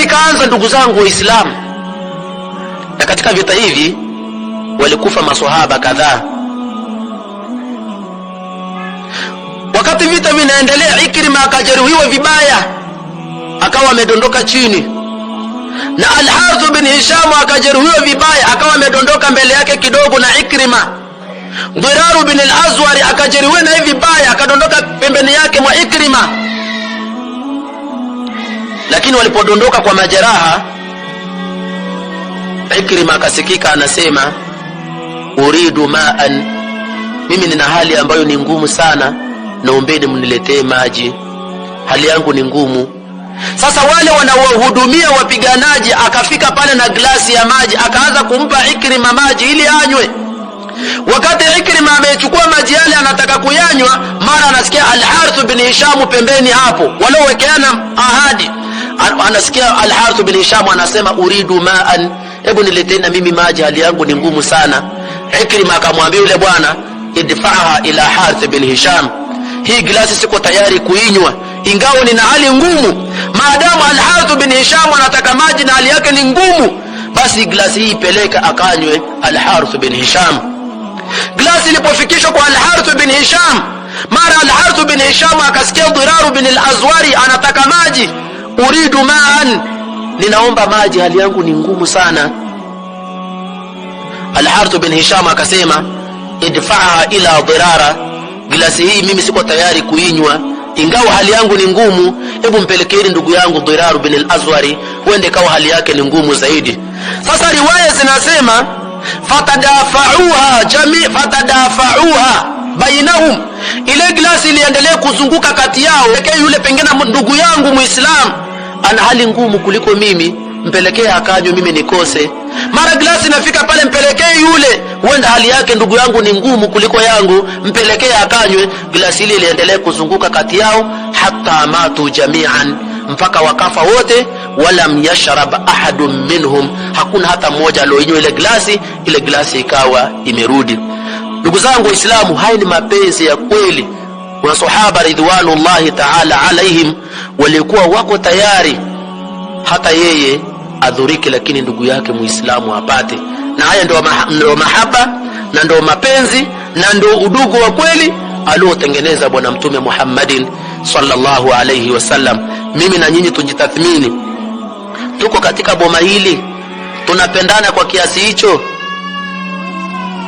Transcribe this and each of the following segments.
vikaanza ndugu zangu Waislamu, na katika vita hivi walikufa maswahaba kadhaa. Wakati vita vinaendelea, Ikrima akajeruhiwa vibaya, akawa amedondoka chini, na Alharith bin Hishamu akajeruhiwa vibaya, akawa amedondoka mbele yake kidogo na Ikrima. Dhiraru bin al-Azwari akajeruhiwa naye vibaya, akadondoka pembeni yake mwa Ikrima lakini walipodondoka kwa majeraha, Ikrima akasikika anasema uridu maan, mimi nina hali ambayo ni ngumu sana, naombeni mniletee maji, hali yangu ni ngumu. Sasa wale wanaohudumia wapiganaji akafika pale na glasi ya maji, akaanza kumpa Ikrima maji ili anywe. Wakati Ikrima amechukua maji yale anataka kuyanywa, mara anasikia Alharith bin Hishamu pembeni hapo, waliowekeana ahadi anasikia Alharith bin Hisham anasema uridu maan, hebu nileteni na mimi maji, hali yangu ni ngumu sana. Ikrima akamwambia yule bwana, idfaha ila Harith bin Hisham, hii glasi siko tayari kuinywa ingawa nina hali ngumu. Maadamu Alharith bin Hisham anataka maji na hali yake ni ngumu, basi glasi hii peleka akanywe. Alharith bin Hisham glasi ilipofikishwa kwa Alharith bin Hisham, mara Alharith bin Hisham akasikia Dhiraru bin al-Azwari anataka maji uridu maan, ninaomba maji, hali yangu ni ngumu sana. Alharth bin Hisham akasema idfaha ila dirara, glasi hii mimi siko tayari kuinywa ingawa hali yangu ni ngumu. Hebu mpelekeeni ndugu yangu Diraru bin al-Azwari, huende ikawa hali yake ni ngumu zaidi. Sasa riwaya zinasema fatadafauha jami fatadafauha bainahum, ile glasi iliendelea kuzunguka kati yao, yule pengine ndugu yangu Muislamu ana hali ngumu kuliko mimi, mpelekee akanywe, mimi nikose. Mara glasi inafika pale, mpelekee yule, huenda hali yake ndugu yangu ni ngumu kuliko yangu, mpelekee akanywe. Glasi ile iliendelea kuzunguka kati yao, hatta matu jamian, mpaka wakafa wote. Walam yashrab ahadun minhum, hakuna hata mmoja alioinywa ile glasi. Ile glasi ikawa imerudi. Ndugu zangu Waislamu, haya ni mapenzi ya kweli sahaba ridwanullahi taala alaihim walikuwa wako tayari hata yeye adhurike, lakini ndugu yake muislamu apate. Na haya ndio mahaba na ndio mapenzi na ndio udugu wa kweli aliotengeneza Bwana Mtume Muhammadin sallallahu alayhi wasallam. Mimi na nyinyi tujitathmini, tuko katika boma hili, tunapendana kwa kiasi hicho?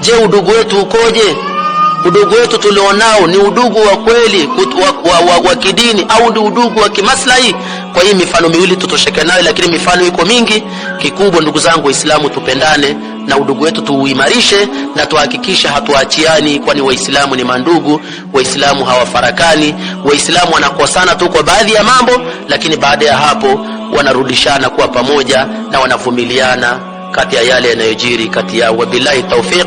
Je, udugu wetu ukoje? udugu wetu tulionao ni udugu wa kweli wa, wa, wa, wa kidini au ni udugu wa kimaslahi? Kwa hii mifano miwili tutosheke nayo, lakini mifano iko mingi. Kikubwa ndugu zangu Waislamu, tupendane na udugu wetu tuuimarishe na tuhakikishe hatuachiani, kwani Waislamu ni mandugu. Waislamu hawafarakani. Waislamu wanakosana tu kwa baadhi ya mambo, lakini baada ya hapo wanarudishana kuwa pamoja na wanavumiliana kati ya yale yanayojiri kati yao. Wabillahi taufiq.